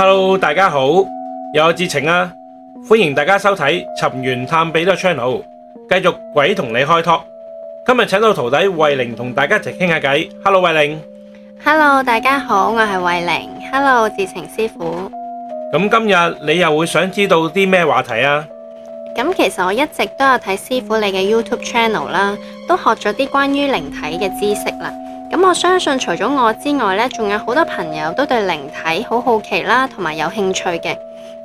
Hello，大家好，又有智澄啊！歡迎大家收睇《尋源探秘》嘅 channel，繼續鬼同你開 Talk，今日請到徒弟慧甯同大家一齊傾下偈。Hello，慧甯。Hello，大家好，我係慧甯。Hello，智澄師傅。咁今日你又會想知道啲咩話題啊？咁其實我一直都有睇師傅你嘅 YouTube channel 啦，都學咗啲關於靈體嘅知識啦。咁我相信除咗我之外咧，仲有好多朋友都對靈體好好奇啦，同埋有，有興趣嘅。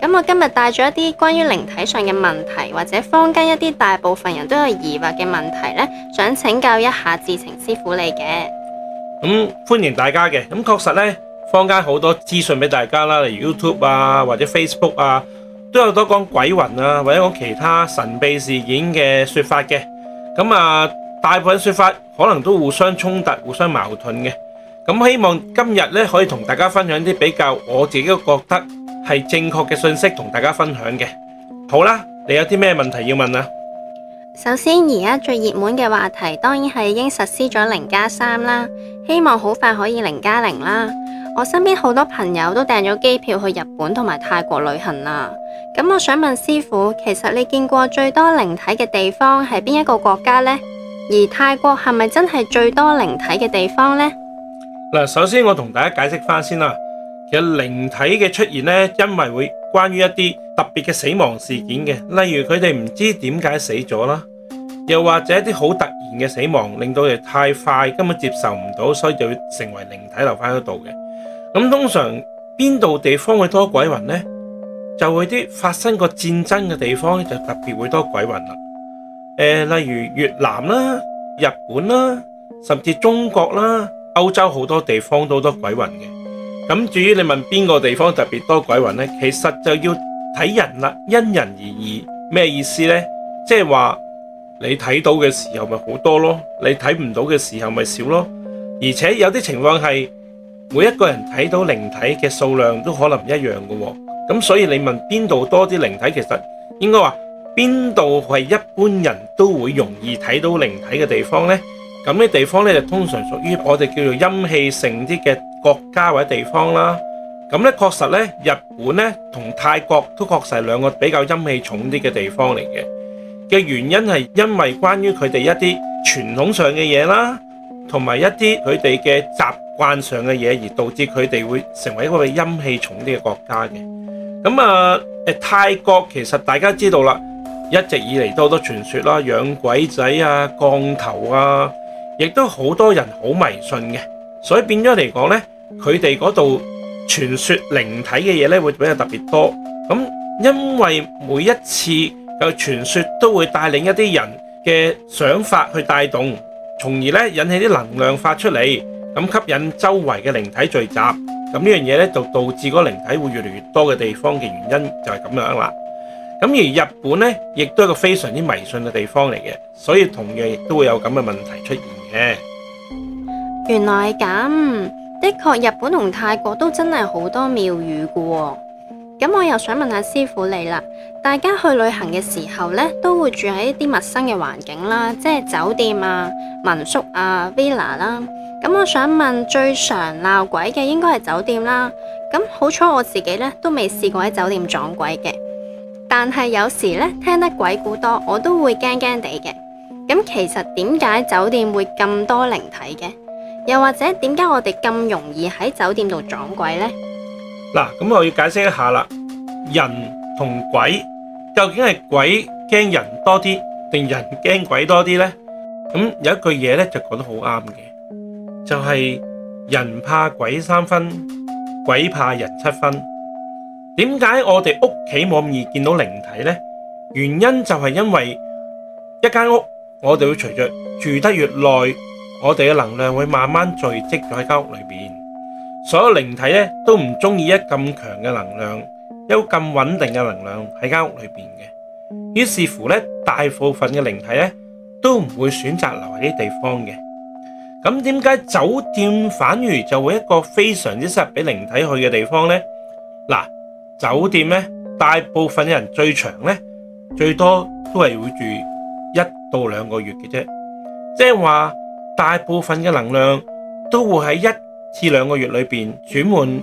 咁我今日帶咗一啲關於靈體上嘅問題，或者坊間一啲大部分人都有疑惑嘅問題咧，想請教一下智澄師傅你嘅。咁歡迎大家嘅，咁確實咧，坊間好多資訊俾大家啦，例如 YouTube 啊，或者 Facebook 啊，都有好多講鬼魂啊，或者講其他神秘事件嘅說法嘅。咁啊。大部分說法可能都互相衝突、互相矛盾嘅。咁希望今日咧可以同大家分享啲比較我自己都覺得係正確嘅信息，同大家分享嘅。好啦，你有啲咩問題要問啊？首先，而家最熱門嘅話題當然係已經實施咗零加三啦，希望好快可以零加零啦。我身邊好多朋友都訂咗機票去日本同埋泰國旅行啦。咁我想問師傅，其實你見過最多靈體嘅地方係邊一個國家呢？而泰國係咪真係最多靈體嘅地方呢？嗱，首先我同大家解釋翻先啦。其實靈體嘅出現呢，因為會關於一啲特別嘅死亡事件嘅，例如佢哋唔知點解死咗啦，又或者一啲好突然嘅死亡，令到佢哋太快根本接受唔到，所以就會成為靈體留翻喺度嘅。咁通常邊度地方會多鬼魂呢？就會啲發生過戰爭嘅地方就特別會多鬼魂啦。誒，例如越南啦、啊、日本啦、啊，甚至中國啦、啊、歐洲好多地方都好多鬼魂嘅。咁至於你問邊個地方特別多鬼魂呢？其實就要睇人啦，因人而異。咩意思呢？即係話你睇到嘅時候咪好多咯，你睇唔到嘅時候咪少咯。而且有啲情況係每一個人睇到靈體嘅數量都可能唔一樣喎、哦。咁所以你問邊度多啲靈體，其實應該話。邊度係一般人都會容易睇到靈體嘅地方咧？咁呢地方咧就通常屬於我哋叫做陰氣盛啲嘅國家或者地方啦。咁咧確實咧，日本咧同泰國都確實係兩個比較陰氣重啲嘅地方嚟嘅。嘅原因係因為關於佢哋一啲傳統上嘅嘢啦，同埋一啲佢哋嘅習慣上嘅嘢，而導致佢哋會成為一個陰氣重啲嘅國家嘅。咁啊，誒泰國其實大家知道啦。一直以嚟多多傳說啦，養鬼仔啊、降頭啊，亦都好多人好迷信嘅，所以變咗嚟講呢，佢哋嗰度傳說靈體嘅嘢呢會比較特別多。咁因為每一次嘅傳說都會帶領一啲人嘅想法去帶動，從而呢引起啲能量發出嚟，咁吸引周圍嘅靈體聚集。咁呢樣嘢呢，就導致個靈體會越嚟越多嘅地方嘅原因就係咁樣啦。咁而日本呢，亦都一個非常之迷信嘅地方嚟嘅，所以同樣亦都會有咁嘅問題出現嘅。原來咁，的確日本同泰國都真係好多廟宇㗎。咁我又想問下師傅你啦，大家去旅行嘅時候呢，都會住喺一啲陌生嘅環境啦，即係酒店啊、民宿啊、Villa 啦。咁我想問最常鬧鬼嘅應該係酒店啦。咁好彩我自己呢，都未試過喺酒店撞鬼嘅。但係有時咧聽得鬼故多，我都會驚驚地嘅。咁其實點解酒店會咁多靈體嘅？又或者點解我哋咁容易喺酒店度撞鬼呢？嗱，咁我要解釋一下啦。人同鬼究竟係鬼驚人多啲，定人驚鬼多啲呢？咁有一句嘢，咧就講得好啱嘅，就係人怕鬼三分，鬼怕人七分。點解我哋屋企冇咁易見到靈體咧？原因就係因為一間屋，我哋會隨着住得越耐，我哋嘅能量會慢慢聚積咗喺間屋裏邊。所有靈體咧都唔中意一咁強嘅能量，有咁穩定嘅能量喺間屋裏邊嘅。於是乎咧，大部分嘅靈體咧都唔會選擇留喺啲地方嘅。咁點解酒店反而就會一個非常之適合俾靈體去嘅地方咧？嗱。酒店咧，大部分嘅人最長咧，最多都係會住一到兩個月嘅啫，即係話大部分嘅能量都會喺一次兩個月裏邊轉換，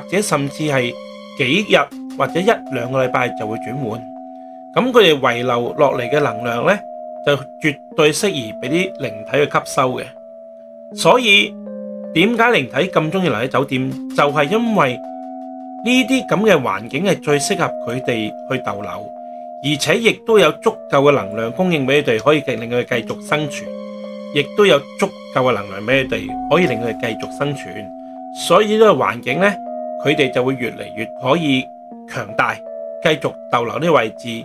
或者甚至係幾日或者一兩個禮拜就會轉換。咁佢哋遺留落嚟嘅能量咧，就絕對適宜俾啲靈體去吸收嘅。所以點解靈體咁中意留喺酒店，就係因為。呢啲咁嘅環境係最適合佢哋去逗留，而且亦都有足夠嘅能量供應俾佢哋，可以令佢哋繼續生存，亦都有足夠嘅能量俾佢哋，可以令佢哋繼續生存。所以呢個環境呢，佢哋就會越嚟越可以強大，繼續逗留呢個位置，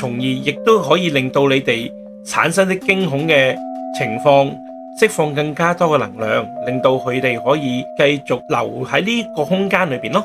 從而亦都可以令到你哋產生啲驚恐嘅情況，釋放更加多嘅能量，令到佢哋可以繼續留喺呢個空間裏邊咯。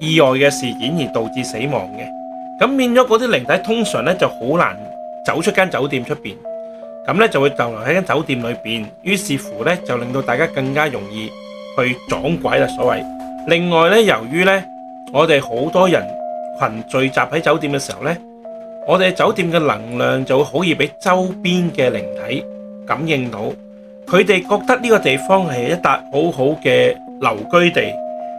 意外嘅事件而導致死亡嘅，咁變咗嗰啲靈體通常咧就好難走出一間酒店出邊。咁咧就會逗留喺間酒店裏邊，於是乎咧就令到大家更加容易去撞鬼啦所謂。另外咧，由於咧我哋好多人群聚集喺酒店嘅時候咧，我哋酒店嘅能量就會好易俾周邊嘅靈體感應到，佢哋覺得呢個地方係一笪好好嘅留居地。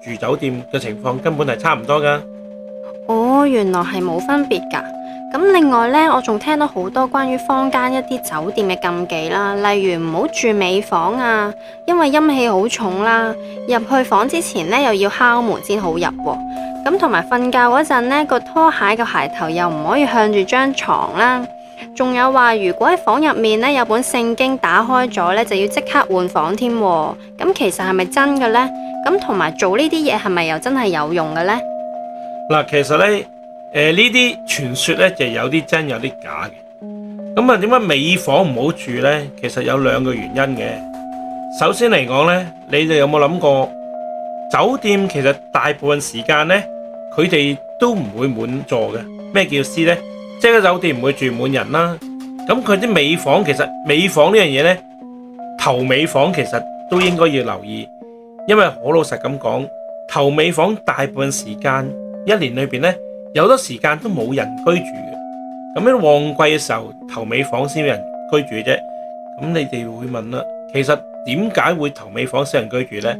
住酒店嘅情況根本係差唔多噶。哦，原來係冇分別噶。咁另外呢，我仲聽到好多關於坊間一啲酒店嘅禁忌啦，例如唔好住尾房啊，因為陰氣好重啦。入去房之前呢，又要敲門先好入喔。咁同埋瞓覺嗰陣呢，個拖鞋個鞋頭又唔可以向住張床啦。仲有話，如果喺房入面呢，有本聖經打開咗呢，就要即刻換房添。咁其實係咪真嘅？呢？咁同埋做呢啲嘢係咪又真係有用嘅呢？嗱，其實呢，誒呢啲傳說呢就有啲真有啲假嘅。咁啊，點解尾房唔好住呢？其實有兩個原因嘅。首先嚟講呢，你哋有冇諗過酒店其實大部分時間呢，佢哋都唔會滿座嘅。咩叫師呢？即係酒店唔會住滿人啦，咁佢啲尾房其實尾房呢樣嘢咧，頭尾房其實都應該要留意，因為好老實咁講，頭尾房大部分時間一年裏邊咧，有好多時間都冇人居住嘅，咁喺旺季嘅時候頭尾房先有人居住啫。咁你哋會問啦，其實點解會頭尾房少人居住咧？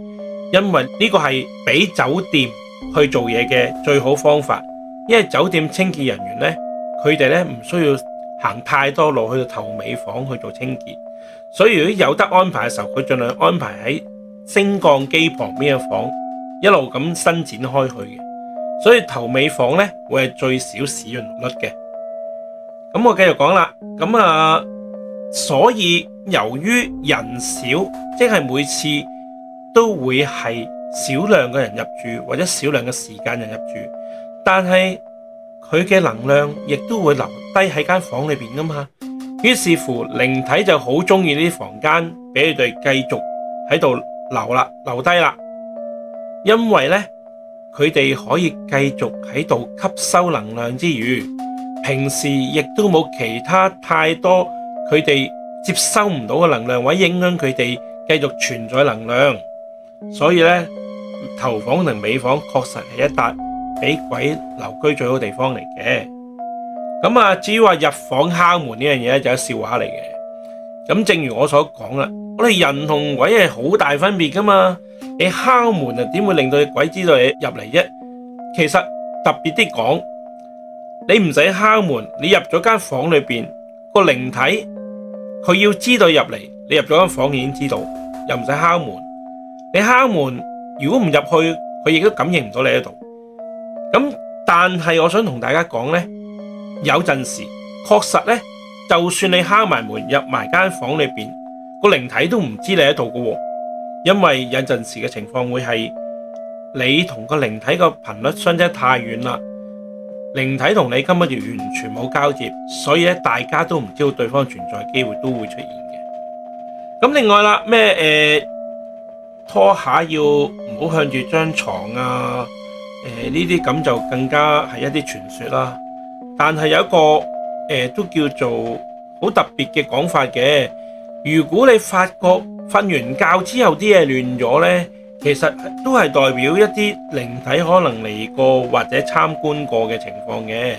因為呢個係俾酒店去做嘢嘅最好方法，因為酒店清潔人員咧。佢哋咧，唔需要行太多路去到頭尾房去做清潔，所以如果有得安排嘅時候，佢盡量安排喺升降機旁邊嘅房，一路咁伸展開去嘅，所以頭尾房咧會係最少使用率嘅。咁我繼續講啦，咁啊，所以由於人少，即係每次都會係少量嘅人入住或者少量嘅時間人入住，但係，佢嘅能量亦都會留低喺間房裏邊噶嘛，於是乎靈體就好中意呢啲房間，俾佢哋繼續喺度留啦，留低啦。因為咧，佢哋可以繼續喺度吸收能量之餘，平時亦都冇其他太多佢哋接收唔到嘅能量，或者影響佢哋繼續存在能量。所以咧，頭房同尾房確實係一笪。俾鬼留居最好地方嚟嘅，咁啊，至於話入房敲門呢樣嘢咧，就係、是、笑話嚟嘅。咁正如我所講啦，我哋人同鬼係好大分別噶嘛，你敲門啊，點會令到鬼知道你入嚟啫？其實特別啲講，你唔使敲門，你入咗間房間裏邊個靈體，佢要知道入嚟，你入咗間房間已經知道，又唔使敲門。你敲門，如果唔入去，佢亦都感應唔到你喺度。咁、嗯，但係我想同大家講呢，有陣時確實呢，就算你敲埋門入埋間房間裏邊，個靈體都唔知你喺度㗎喎，因為有陣時嘅情況會係你同個靈體個頻率相差太遠啦，靈體同你根本就完全冇交接，所以咧大家都唔知道對方存在，機會都會出現嘅。咁、嗯、另外啦，咩、呃、拖鞋要唔好向住張床啊。誒，呢啲咁就更加係一啲傳說啦。但係有一個誒，都叫做好特別嘅講法嘅。如果你發覺瞓完覺之後啲嘢亂咗咧，其實都係代表一啲靈體可能嚟過或者參觀過嘅情況嘅。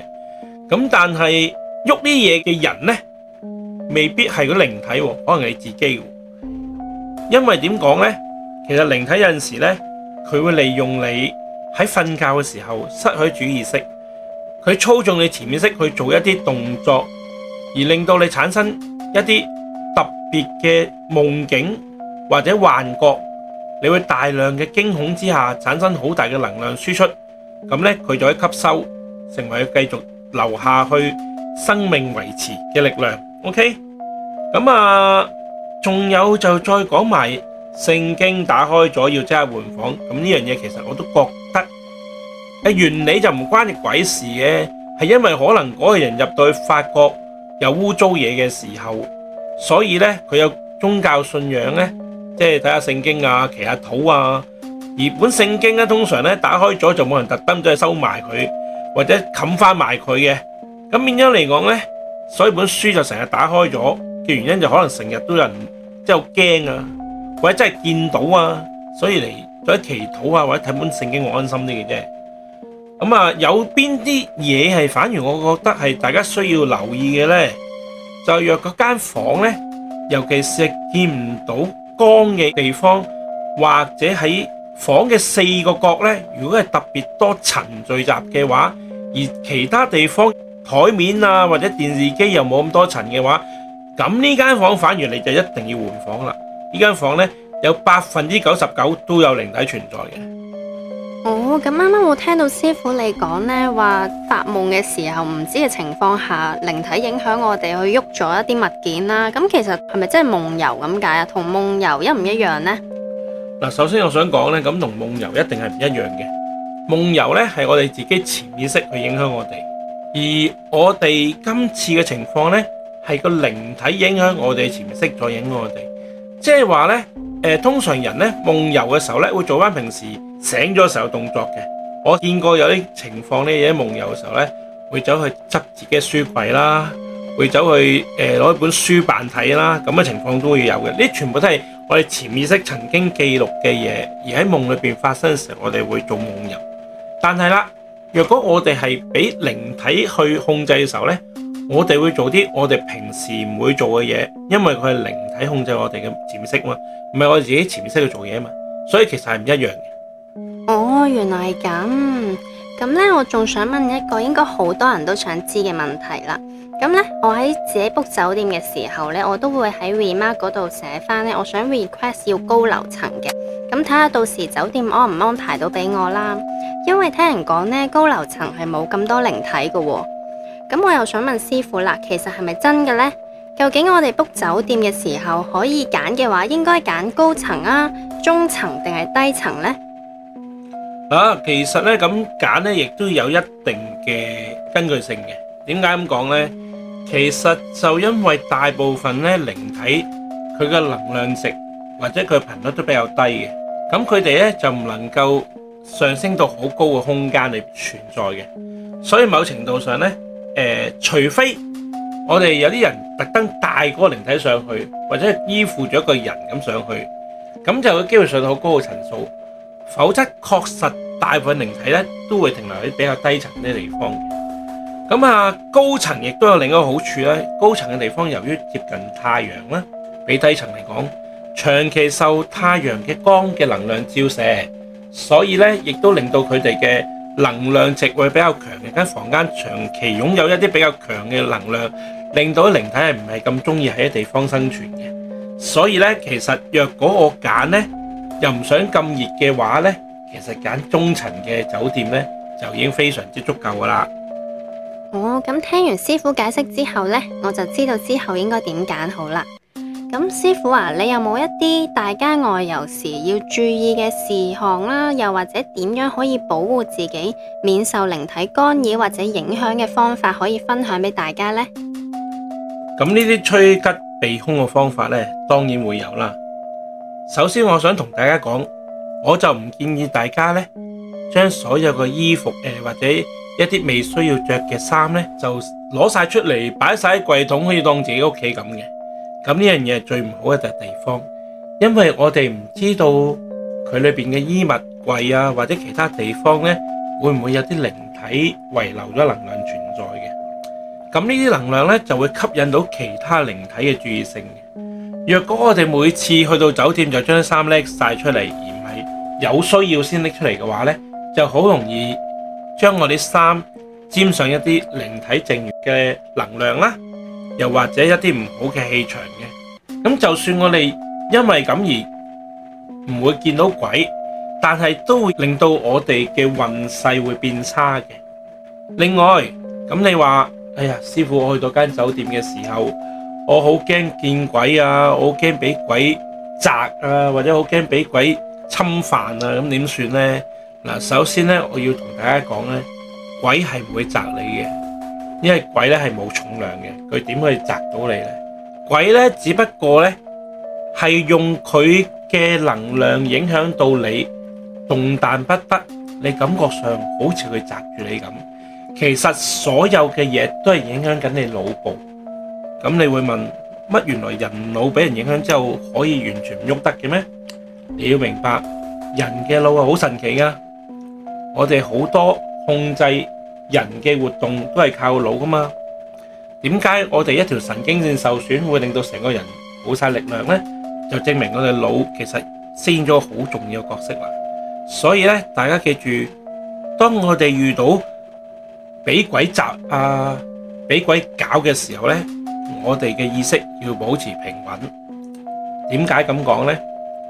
咁但係喐啲嘢嘅人咧，未必係個靈體喎，可能係你自己。因為點講咧？其實靈體有陣時咧，佢會利用你。喺瞓覺嘅時候失去主意識，佢操縱你潛意識去做一啲動作，而令到你產生一啲特別嘅夢境或者幻覺，你會大量嘅驚恐之下產生好大嘅能量輸出，咁呢，佢就喺吸收，成為佢繼續留下去生命維持嘅力量。OK，咁啊，仲有就再講埋聖經打開咗要即刻換房，咁呢樣嘢其實我都覺。原理就唔關你鬼事嘅，係因為可能嗰個人入到去法國有污糟嘢嘅時候，所以咧佢有宗教信仰咧，即係睇下聖經啊，祈禱啊，而本聖經咧通常咧打開咗就冇人特登走去收埋佢，或者冚翻埋佢嘅。咁變咗嚟講咧，所以本書就成日打開咗嘅原因就可能成日都有人即係驚啊，或者真係見到啊，所以嚟再祈禱啊，或者睇本聖經我安心啲嘅啫。咁啊，有邊啲嘢係反而我覺得係大家需要留意嘅呢？就若嗰間房呢，尤其是見唔到光嘅地方，或者喺房嘅四個角呢，如果係特別多塵聚集嘅話，而其他地方台面啊或者電視機又冇咁多塵嘅話，咁呢間房反而你就一定要換房啦。呢間房呢有百分之九十九都有靈體存在嘅。哦，咁啱啱我聽到師傅你講呢，話發夢嘅時候唔知嘅情況下，靈體影響我哋去喐咗一啲物件啦。咁其實係咪真係夢遊咁解啊？同夢遊一唔一樣呢？嗱，首先我想講呢，咁同夢遊一定係唔一樣嘅。夢遊呢係我哋自己潛意識去影響我哋，而我哋今次嘅情況呢係個靈體影響我哋潛意識再影響我哋，即係話呢。誒，通常人咧夢遊嘅時候咧，會做翻平時醒咗時候動作嘅。我見過有啲情況咧，喺夢遊嘅時候咧，會走去執自己嘅書櫃啦，會走去誒攞、呃、一本書扮睇啦，咁嘅情況都會有嘅。呢全部都係我哋潛意識曾經記錄嘅嘢，而喺夢裏邊發生嘅時候，我哋會做夢遊。但係啦，若果我哋係俾靈體去控制嘅時候咧。我哋會做啲我哋平時唔會做嘅嘢，因為佢係靈體控制我哋嘅潛意識嘛，唔係我哋自己潛意識去做嘢嘛，所以其實係唔一樣嘅。哦，原來係咁。咁呢，我仲想問一個應該好多人都想知嘅問題啦。咁呢，我喺自己 book 酒店嘅時候呢，我都會喺 remark 嗰度寫翻咧，我想 request 要，要高樓層嘅。咁睇下到時酒店安唔安排到俾我啦。因為聽人講呢，高樓層係冇咁多靈體噶。哦。咁我又想問師傅啦，其實係咪真嘅呢？究竟我哋 book 酒店嘅時候可以揀嘅話，應該揀高層啊、中層定係低層呢？啊，其實呢，咁揀呢，亦都要有一定嘅根據性嘅。點解咁講呢？其實就因為大部分呢，靈體佢嘅能量值或者佢頻率都比較低嘅，咁佢哋呢就唔能夠上升到好高嘅空間嚟存在嘅，所以某程度上呢。誒、呃，除非我哋有啲人特登帶嗰個靈體上去，或者依附咗一個人咁上去，咁就有機會上到好高嘅層數。否則確實大部分靈體咧都會停留喺比較低層啲地方。咁啊，高層亦都有另一個好處咧，高層嘅地方由於接近太陽啦，比低層嚟講，長期受太陽嘅光嘅能量照射，所以咧亦都令到佢哋嘅能量值會比較強嘅間房間，長期擁有一啲比較強嘅能量，令到靈體係唔係咁中意喺啲地方生存嘅所以咧，其實若果我揀呢，又唔想咁熱嘅話呢，其實揀中層嘅酒店呢，就已經非常之足夠噶啦哦，咁聽完師傅解釋之後呢，我就知道之後應該點揀好啦。咁師傅啊，你有冇一啲大家外遊時要注意嘅事項啦？又或者點樣可以保護自己免受靈體干擾或者影響嘅方法可以分享俾大家呢？咁呢啲趨吉避凶嘅方法呢，當然會有啦。首先，我想同大家講，我就唔建議大家呢，將所有嘅衣服誒或者一啲未需要着嘅衫呢，就攞晒出嚟擺晒喺櫃桶，可以當自己屋企咁嘅。咁呢樣嘢，係最唔好嘅就係地方，因為我哋唔知道佢裏邊嘅衣物櫃啊或者其他地方咧，會唔會有啲靈體遺留咗能量存在嘅？咁呢啲能量咧就會吸引到其他靈體嘅注意性嘅。若果我哋每次去到酒店就將啲衫拎晒出嚟，而唔係有需要先拎出嚟嘅話咧，就好容易將我啲衫沾上一啲靈體剩餘嘅能量啦，又或者一啲唔好嘅氣場。咁就算我哋因為咁而唔會見到鬼，但係都會令到我哋嘅運勢會變差嘅。另外，咁你話，哎呀，師傅，我去到間酒店嘅時候，我好驚見鬼啊，我好驚俾鬼壓啊，或者好驚俾鬼侵犯啊，咁點算呢？嗱，首先呢，我要同大家講呢，鬼係唔會壓你嘅，因為鬼呢係冇重量嘅，佢點可以壓到你呢？鬼呢，只不過呢，係用佢嘅能量影響到你，動彈不得，你感覺上好似佢壓住你咁，其實所有嘅嘢都係影響緊你腦部，咁你會問，乜原來人腦俾人影響之後可以完全唔喐得嘅咩？你要明白，人嘅腦呀，好神奇㗎，我哋好多控制人嘅活動都係靠腦㗎嘛。點解我哋一條神經線受損會令到成個人冇晒力量呢？就證明我哋腦其實先咗好重要嘅角色啦。所以咧，大家記住，當我哋遇到俾鬼襲啊、俾鬼搞嘅時候咧，我哋嘅意識要保持平穩。點解咁講呢？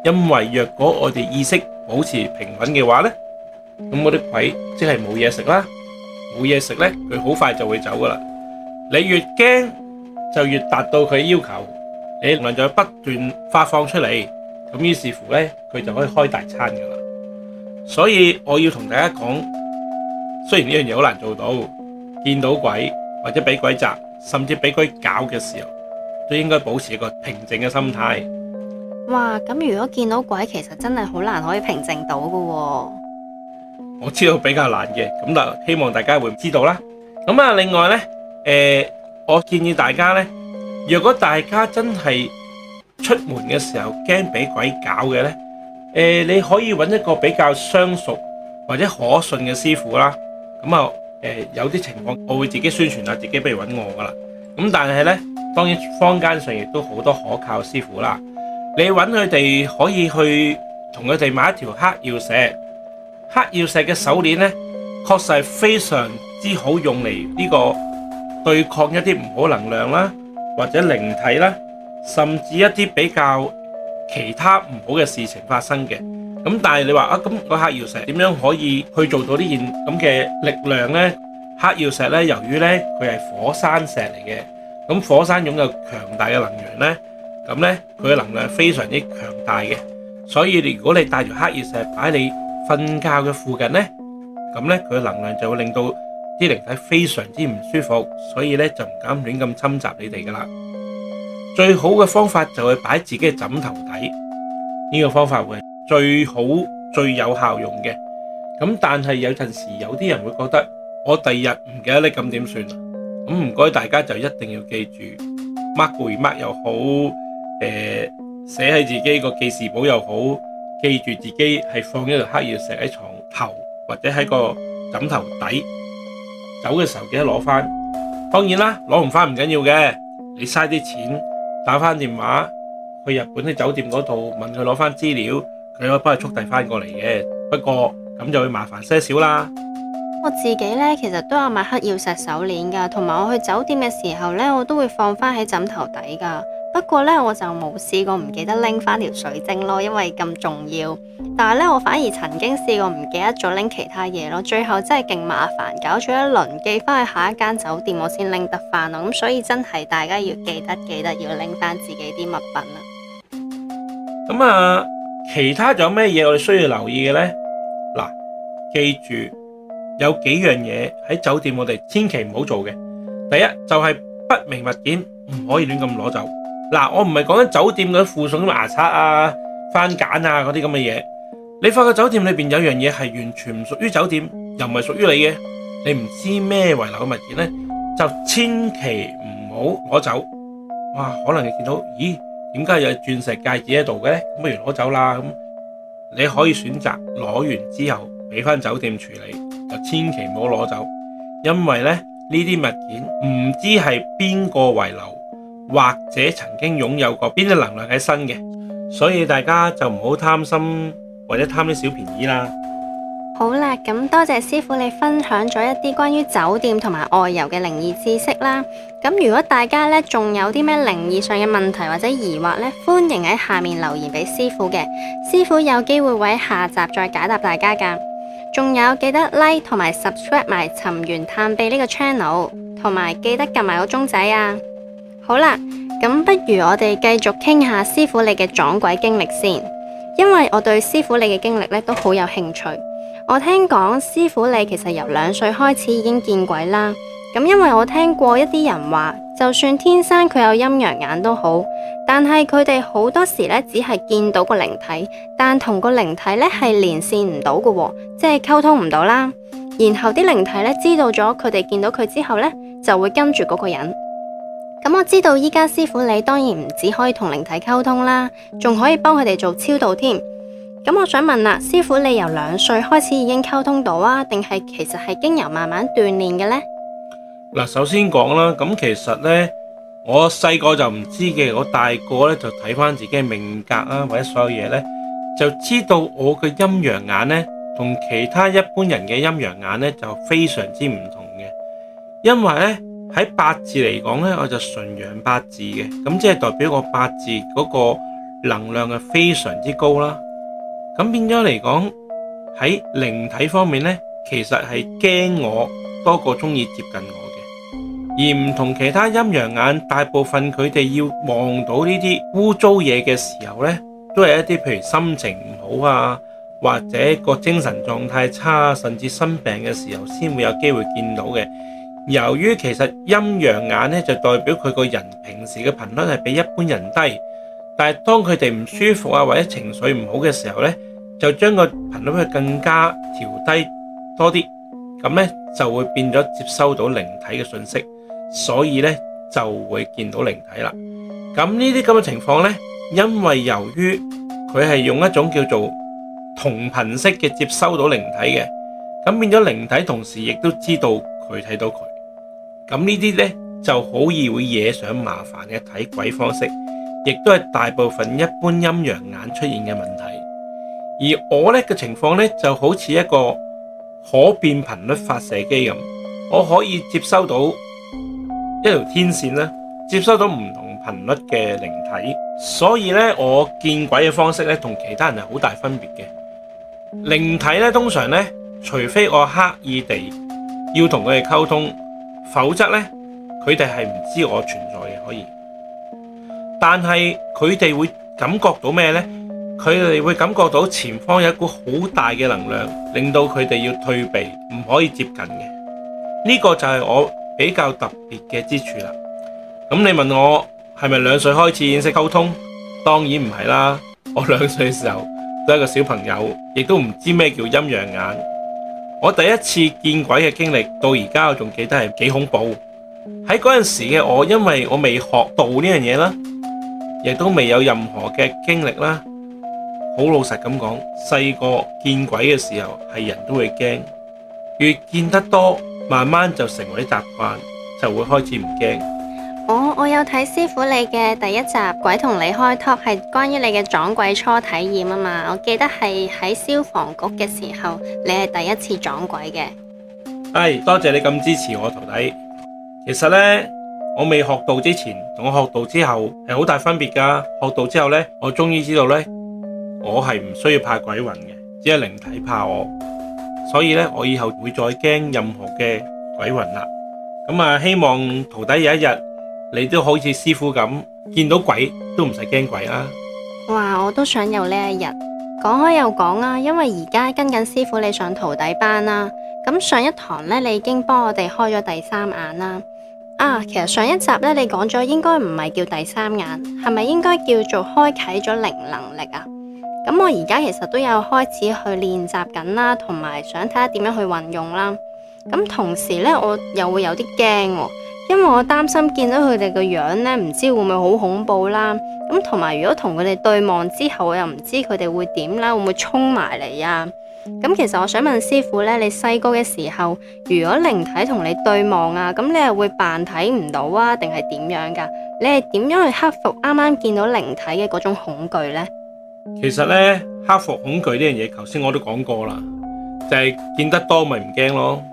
因為若果我哋意識保持平穩嘅話咧，咁嗰啲鬼即係冇嘢食啦，冇嘢食咧，佢好快就會走噶啦。你越驚，就越達到佢要求，你能量就不斷發放出嚟，咁於是乎咧，佢就可以開大餐噶啦。所以我要同大家講，雖然呢樣嘢好難做到，見到鬼或者俾鬼砸，甚至俾鬼搞嘅時候，都應該保持一個平靜嘅心態。哇！咁如果見到鬼，其實真係好難可以平靜到㗎喎、哦。我知道比較難嘅，咁但希望大家會知道啦。咁啊，另外咧。誒、呃，我建議大家呢，如果大家真係出門嘅時候驚俾鬼搞嘅呢，誒、呃，你可以揾一個比較相熟或者可信嘅師傅啦。咁、嗯、啊，誒、呃，有啲情況我會自己宣傳啊，自己不如揾我噶啦。咁、嗯、但係呢，當然坊間上亦都好多可靠師傅啦。你揾佢哋可以去同佢哋買一條黑曜石，黑曜石嘅手鏈呢，確實係非常之好用嚟呢、這個，對抗一啲唔好能量啦，或者靈體啦，甚至一啲比較其他唔好嘅事情發生嘅。咁但係你話啊，咁個黑曜石點樣可以去做到呢件咁嘅力量呢？黑曜石呢，由於呢佢係火山石嚟嘅，咁火山擁有強大嘅能量呢，咁呢佢嘅能量非常之強大嘅。所以你如果你帶住黑曜石擺喺你瞓覺嘅附近呢，咁呢佢嘅能量就會令到。啲靈體非常之唔舒服，所以咧就唔敢亂咁侵襲你哋噶啦。最好嘅方法就係擺自己嘅枕頭底呢，這個方法會最好最有效用嘅。咁但係有陣時有啲人會覺得，我第二日唔記得呢咁點算啊？咁唔該大家就一定要記住 mark 住 mark 又好，誒寫喺自己個記事簿又好，記住自己係放喺度黑曜石喺床頭或者喺個枕頭底。走嘅時候記得攞翻，當然啦，攞唔翻唔緊要嘅，你嘥啲錢打翻電話去日本啲酒店嗰度問佢攞翻資料，佢可以幫你速遞翻過嚟嘅，不過咁就會麻煩些少啦。我自己呢，其實都有買黑曜石手鏈噶，同埋我去酒店嘅時候呢，我都會放翻喺枕頭底噶。不過咧，我就冇試過唔記得拎翻條水晶咯，因為咁重要。但係咧，我反而曾經試過唔記得咗拎其他嘢咯，最後真係勁麻煩，搞咗一輪寄翻去下一間酒店，我先拎得翻咯。咁所以真係大家要記得記得要拎翻自己啲物品啦。咁啊，其他仲有咩嘢我哋需要留意嘅呢？嗱，記住有幾樣嘢喺酒店，我哋千祈唔好做嘅。第一就係不明物件唔可以亂咁攞走。嗱，我唔係講緊酒店嘅附送牙刷啊、番梘啊嗰啲咁嘅嘢。你發覺酒店裏邊有樣嘢係完全唔屬於酒店，又唔係屬於你嘅，你唔知咩遺留嘅物件呢，就千祈唔好攞走。哇，可能你見到，咦，點解有鑽石戒指喺度嘅呢？咁不如攞走啦。咁你可以選擇攞完之後俾翻酒店處理，就千祈唔好攞走，因為呢呢啲物件唔知係邊個遺留。或者曾經擁有過邊啲能量喺身嘅，所以大家就唔好貪心或者貪啲小便宜啦。好啦，咁多謝師傅你分享咗一啲關於酒店同埋外遊嘅靈異知識啦。咁如果大家呢仲有啲咩靈異上嘅問題或者疑惑呢，歡迎喺下面留言俾師傅嘅。師傅有機會會喺下集再解答大家㗎。仲有記得 like 同埋 subscribe 埋尋源探秘呢個 channel，同埋記得撳埋個鐘仔啊！好啦，咁不如我哋繼續傾下師傅你嘅撞鬼經歷先，因為我對師傅你嘅經歷咧都好有興趣。我聽講師傅你其實由兩歲開始已經見鬼啦，咁因為我聽過一啲人話，就算天生佢有陰陽眼都好，但係佢哋好多時咧只係見到個靈體，但同個靈體咧係連線唔到嘅，即係溝通唔到啦。然後啲靈體咧知道咗佢哋見到佢之後咧，就會跟住嗰個人。咁我知道依家師傅你當然唔止可以同靈體溝通啦，仲可以幫佢哋做超度添。咁我想問啦，師傅你由兩歲開始已經溝通到啊，定係其實係經由慢慢鍛煉嘅呢？嗱，首先講啦，咁其實呢，我細個就唔知嘅，我大個咧就睇翻自己嘅命格啦，或者所有嘢呢，就知道我嘅陰陽眼呢，同其他一般人嘅陰陽眼呢，就非常之唔同嘅，因為呢。喺八字嚟講呢，我就純陽八字嘅，咁即係代表我八字嗰個能量係非常之高啦。咁變咗嚟講，喺靈體方面呢，其實係驚我多過中意接近我嘅。而唔同其他陰陽眼，大部分佢哋要望到呢啲污糟嘢嘅時候呢，都係一啲譬如心情唔好啊，或者個精神狀態差，甚至生病嘅時候，先會有機會見到嘅。由於其實陰陽眼咧就代表佢個人平時嘅頻率係比一般人低，但係當佢哋唔舒服啊或者情緒唔好嘅時候咧，就將個頻率去更加調低多啲，咁咧就會變咗接收到靈體嘅信息，所以咧就會見到靈體啦。咁呢啲咁嘅情況咧，因為由於佢係用一種叫做同頻式嘅接收到靈體嘅，咁變咗靈體同時亦都知道佢睇到佢。咁呢啲呢就好易會惹上麻煩嘅睇鬼方式，亦都係大部分一般陰陽眼出現嘅問題。而我呢嘅情況呢，就好似一個可變頻率發射機咁，我可以接收到一條天線啦，接收到唔同頻率嘅靈體，所以呢，我見鬼嘅方式呢，同其他人係好大分別嘅。靈體呢，通常呢，除非我刻意地要同佢哋溝通，否則咧，佢哋係唔知我存在嘅，可以。但係佢哋會感覺到咩呢？佢哋會感覺到前方有一股好大嘅能量，令到佢哋要退避，唔可以接近嘅。呢個就係我比較特別嘅之處啦。咁你問我係咪兩歲開始認識溝通？當然唔係啦，我兩歲時候都係個小朋友，亦都唔知咩叫陰陽眼。我第一次見鬼的經歷，到而家我仲記得，是幾恐怖。喺嗰陣時嘅我，因為我未學到呢樣嘢啦，亦都未有任何的經歷啦。好老實咁講，細個見鬼的時候係人都會驚，越見得多，慢慢就成為習慣，就會開始唔驚。我、oh，我有睇師傅你嘅第一集《鬼同你開 Talk》，係關於你嘅撞鬼初體驗啊嘛。我記得係喺消防局嘅時候，你係第一次撞鬼嘅。係，多謝你咁支持我徒弟。其實呢，我未學道之前同我學道之後係好大分別噶。學道之後呢，我終於知道呢，我係唔需要怕鬼魂嘅，只係靈體怕我。所以呢，我以後唔會再驚任何嘅鬼魂啦。咁啊，希望徒弟有一日。你都好似師傅咁，見到鬼都唔使驚鬼啦、啊。哇，我都想有呢一日。講開又講啊，因為而家跟緊師傅你上徒弟班啦、啊。咁上一堂呢，你已經幫我哋開咗第三眼啦。啊，其實上一集呢，你講咗應該唔係叫第三眼，係咪應該叫做開啟咗靈能力啊？咁我而家其實都有開始去練習緊啦，同埋想睇下點樣去運用啦。咁同時呢，我又會有啲驚喎。因為我擔心見到佢哋個樣咧，唔知會唔會好恐怖啦。咁同埋如果同佢哋對望之後，我又唔知佢哋會點啦，會唔會衝埋嚟？啊？咁其實我想問師傅咧，你細個嘅時候，如果靈體同你對望啊，咁你係會扮睇唔到啊，定係點樣噶？你係點樣去克服啱啱見到靈體嘅嗰種恐懼呢？其實咧，克服恐懼呢樣嘢，頭先我都講過啦，就係見得多咪唔驚咯，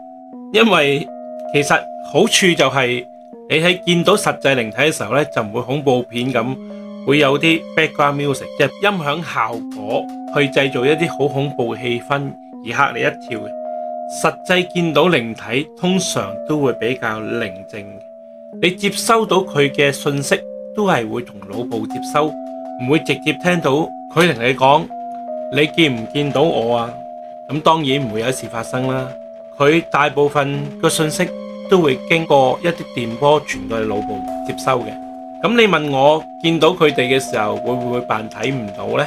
因為。其實好處就係你喺見到實際靈體嘅時候呢，就唔會恐怖片咁，會有啲 background music，即係音響效果去製造一啲好恐怖氣氛而嚇你一跳。實際見到靈體通常都會比較寧靜，你接收到佢嘅信息都係會同腦部接收，唔會直接聽到佢同你講，你見唔見到我啊？咁當然唔會有事發生啦。佢大部分嘅信息都會經過一啲電波傳到你腦部接收嘅。咁你問我見到佢哋嘅時候會唔會扮睇唔到咧？誒、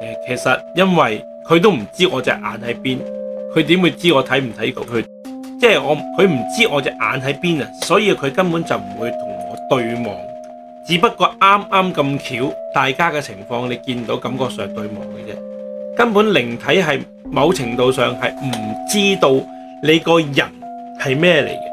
呃，其實因為佢都唔知我隻眼喺邊，佢點會知我睇唔睇到佢？即係我佢唔知我隻眼喺邊啊，所以佢根本就唔會同我對望。只不過啱啱咁巧，大家嘅情況你見到感覺上是對望嘅啫，根本靈體係。某程度上係唔知道你個人係咩嚟嘅，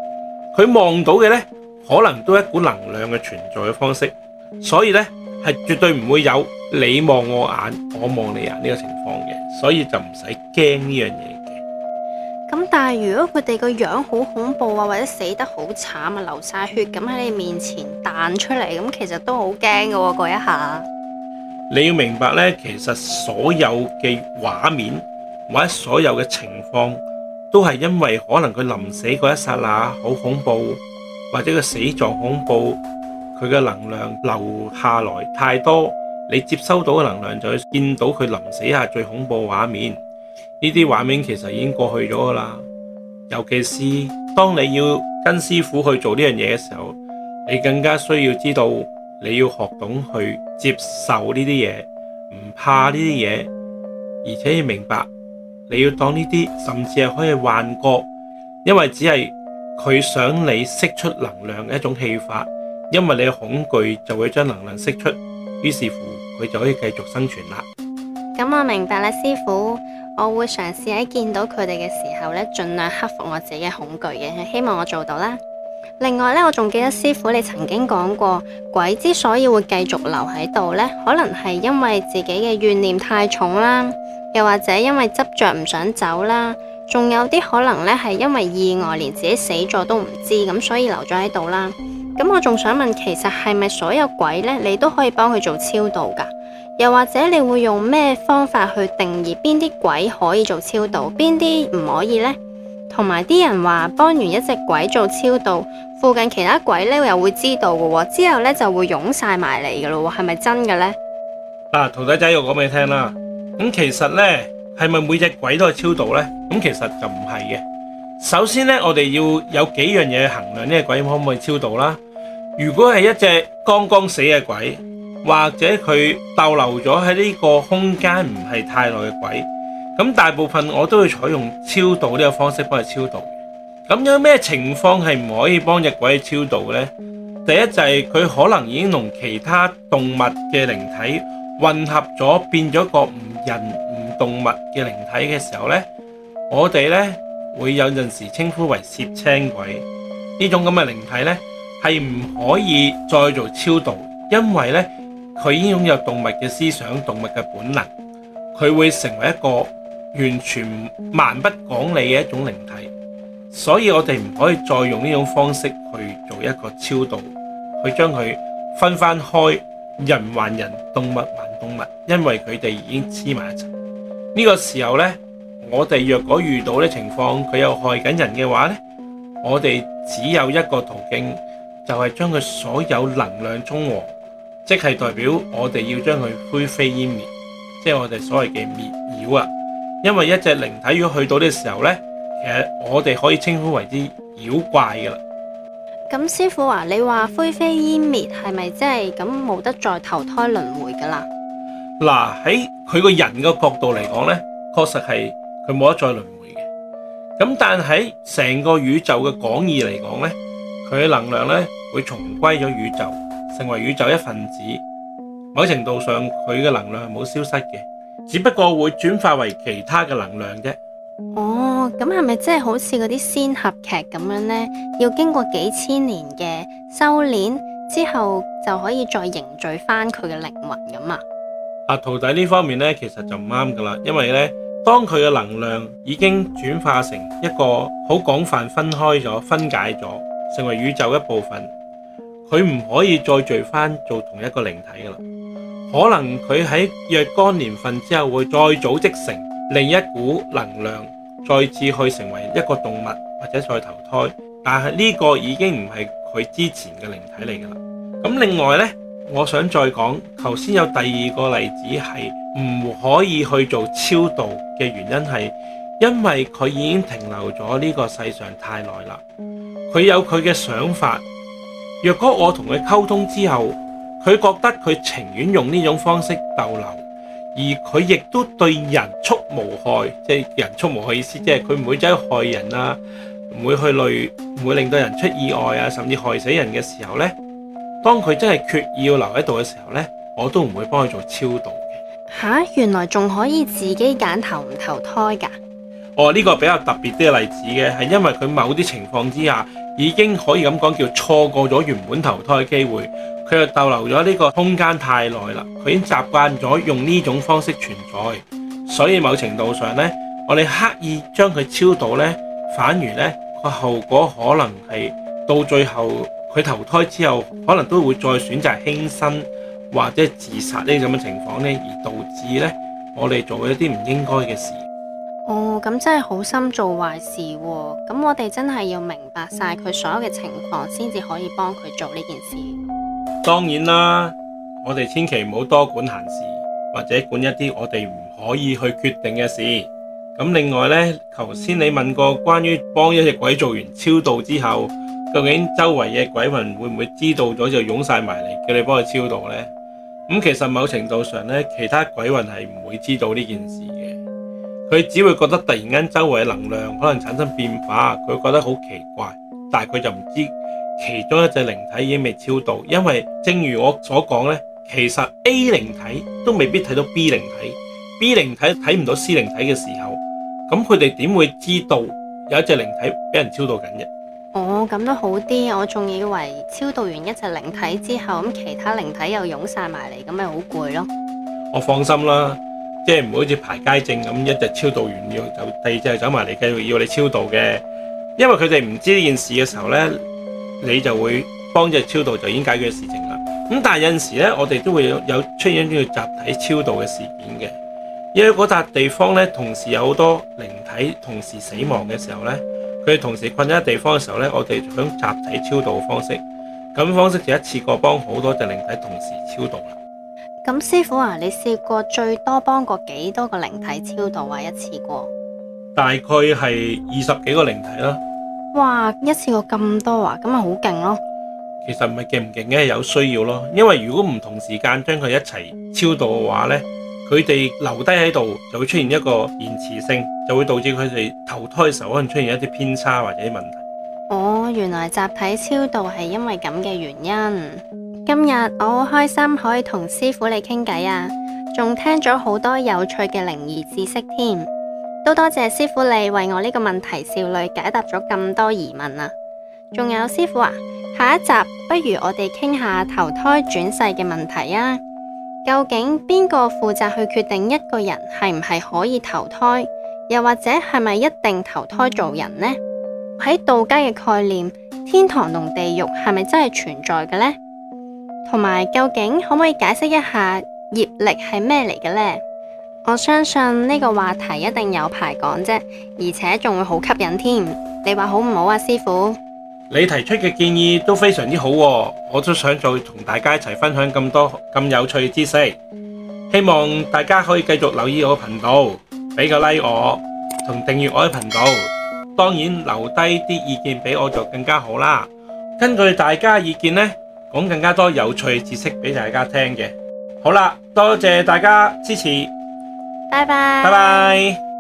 佢望到嘅呢可能都一股能量嘅存在嘅方式，所以呢係絕對唔會有你望我眼，我望你眼呢個情況嘅，所以就唔使驚呢樣嘢嘅。咁但係如果佢哋個樣好恐怖啊，或者死得好慘啊，流晒血咁喺你面前彈出嚟，咁其實都好驚㗎喎，嗰一下。你要明白呢，其實所有嘅畫面。或者所有嘅情況都係因為可能佢臨死嗰一剎那好恐怖，或者佢死狀恐怖，佢嘅能量流下來太多，你接收到嘅能量就係見到佢臨死下最恐怖嘅畫面。呢啲畫面其實已經過去咗噶啦。尤其是當你要跟師傅去做呢樣嘢嘅時候，你更加需要知道你要學懂去接受呢啲嘢，唔怕呢啲嘢，而且要明白。你要當呢啲，甚至係可以幻覺，因為只係佢想你釋出能量嘅一種氣法，因為你嘅恐懼就會將能量釋出，於是乎佢就可以繼續生存啦。咁我明白啦，師傅，我會嘗試喺見到佢哋嘅時候咧，盡量克服我自己嘅恐懼嘅，希望我做到啦。另外咧，我仲記得師傅你曾經講過，鬼之所以會繼續留喺度咧，可能係因為自己嘅怨念太重啦。又或者因為執着唔想走啦，仲有啲可能咧係因為意外連自己死咗都唔知，咁所以留咗喺度啦。咁我仲想問，其實係咪所有鬼咧，你都可以幫佢做超度噶？又或者你會用咩方法去定義邊啲鬼可以做超度，邊啲唔可以呢？同埋啲人話幫完一隻鬼做超度，附近其他鬼咧又會知道噶，之後咧就會湧晒埋嚟噶咯，係咪真嘅呢？啊，徒弟仔我講俾你聽啦。嗯咁其實咧，係咪每隻鬼都係超度咧？咁其實就唔係嘅。首先咧，我哋要有幾樣嘢，去衡量呢個鬼可唔可以超度啦。如果係一隻剛剛死嘅鬼，或者佢逗留咗喺呢個空間唔係太耐嘅鬼，咁大部分我都會採用超度呢個方式幫佢超度。咁有咩情況係唔可以幫隻鬼超度咧？第一就係佢可能已經同其他動物嘅靈體混合咗變咗個唔人唔動物嘅靈體嘅時候咧，我哋咧會有陣時稱呼為攝青鬼，呢種咁嘅靈體咧，係唔可以再做超度，因為咧佢已經擁有動物嘅思想、動物嘅本能，佢會成為一個完全蠻不講理嘅一種靈體，所以我哋唔可以再用呢種方式去做一個超度，去將佢分翻開。人還人，動物還動物，因為佢哋已經黐埋一齊。呢個時候呢，我哋若果遇到啲情況，佢又害緊人嘅話呢，我哋只有一個途徑，就係將佢所有能量中和，即係代表我哋要將佢灰飛煙滅，即係我哋所謂嘅滅妖啊。因為一隻靈體如果去到呢時候呢，其實我哋可以稱呼為之妖怪噶啦。咁師傅話、啊、你話灰飛煙滅係咪即係咁冇得再投胎輪迴噶啦？嗱喺佢個人嘅角度嚟講呢，確實係佢冇得再輪迴嘅。咁但喺成個宇宙嘅廣義嚟講呢，佢嘅能量呢，會重歸咗宇宙，成為宇宙一份子。某程度上佢嘅能量係冇消失嘅，只不過會轉化為其他嘅能量啫。哦，咁係咪即係好似嗰啲仙俠劇咁樣呢？要經過幾千年嘅修煉之後，就可以再凝聚翻佢嘅靈魂咁啊？啊，徒弟呢方面呢，其實就唔啱噶啦，因為呢，當佢嘅能量已經轉化成一個好廣泛分開咗、分解咗，成為宇宙一部分，佢唔可以再聚翻做同一個靈體噶啦。可能佢喺若干年份之後會再組織成。另一股能量再次去成為一個動物或者再投胎，但係呢個已經唔係佢之前嘅靈體嚟噶啦。咁另外呢，我想再講，頭先有第二個例子係唔可以去做超度嘅原因係，因為佢已經停留咗呢個世上太耐啦。佢有佢嘅想法，若果我同佢溝通之後，佢覺得佢情願用呢種方式逗留，而佢亦都對人畜無害，即係人畜無害意思，即係佢唔會走去害人啊，唔會去累，唔會令到人出意外啊，甚至害死人嘅時候呢。當佢真係決意要留喺度嘅時候呢，我都唔會幫佢做超度嘅。吓、啊、原來仲可以自己揀投唔投胎㗎？哦，呢、呢個比較特別啲嘅例子嘅，係因為佢某啲情況之下已經可以咁講叫錯過咗原本投胎嘅機會。佢就逗留咗呢個空間太耐啦，佢已經習慣咗用呢種方式存在，所以某程度上呢，我哋刻意將佢超度呢，反而呢，個後果可能係到最後佢投胎之後，可能都會再選擇輕生或者自殺呢咁嘅情況呢，而導致呢，我哋做一啲唔應該嘅事。哦，咁真係好心做壞事喎、啊。咁我哋真係要明白晒佢所有嘅情況，先至可以幫佢做呢件事。當然啦，我哋千祈唔好多管閒事，或者管一啲我哋唔可以去決定嘅事。咁另外呢，頭先你問過關於幫一隻鬼做完超度之後，究竟周圍嘅鬼魂會唔會知道咗就湧晒埋嚟叫你幫佢超度呢？咁其實某程度上呢，其他鬼魂係唔會知道呢件事嘅，佢只會覺得突然間周圍嘅能量可能產生變化，佢覺得好奇怪，但係佢就唔知。其中一隻靈體已經未超度，因為正如我所講呢，其實 A 靈體都未必睇到 B 靈體，B 靈體睇唔到 C 靈體嘅時候，咁佢哋點會知道有一隻靈體俾人超度緊嘅哦？咁都好啲。我仲以為超度完一隻靈體之後，咁其他靈體又湧晒埋嚟，咁咪好攰咯。我放心啦，即係唔會好似排街正咁一隻超度完要就第二隻走埋嚟繼續要你超度嘅，因為佢哋唔知呢件事嘅時候呢。你就會幫隻超度就已經解決事情啦。咁但係有陣時咧，我哋都會有出現一啲集體超度嘅事件嘅，因為嗰笪地方咧同時有好多靈體同時死亡嘅時候咧，佢哋同時困喺地方嘅時候咧，我哋用集體超度方式，咁方式就一次過幫好多隻靈體同時超度啦。咁師傅啊，你試過最多幫過幾多個靈體超度啊一次過？大概係二十幾個靈體啦。哇，一次過咁多啊，咁咪好勁咯！其實唔係勁唔勁嘅，有需要咯。因為如果唔同時間將佢一齊超度嘅話呢，佢哋留低喺度就會出現一個延遲性，就會導致佢哋投胎嘅時候可能出現一啲偏差或者問題。哦，原來集體超度係因為咁嘅原因。今日我好開心可以同師傅你傾偈啊，仲聽咗好多有趣嘅靈異知識添。都多謝師傅你為我呢個問題少女解答咗咁多疑問啦！仲有師傅啊，下一集不如我哋傾下投胎轉世嘅問題啊！究竟邊個負責去決定一個人係唔係可以投胎，又或者係咪一定投胎做人呢？喺道家嘅概念，天堂同地獄係咪真係存在嘅呢？同埋，究竟可唔可以解釋一下業力係咩嚟嘅呢？我相信呢個話題一定有排講啫，而且仲會好吸引添。你話好唔好啊，師傅？你提出嘅建議都非常之好啊，我都想再同大家一齊分享咁多咁有趣嘅知識。希望大家可以繼續留意我頻道，俾個 like 我同訂閱我嘅頻道。當然留低啲意見俾我就更加好啦。根據大家意見呢，講更加多有趣嘅知識俾大家聽嘅。好啦，多謝大家支持。拜拜。拜拜。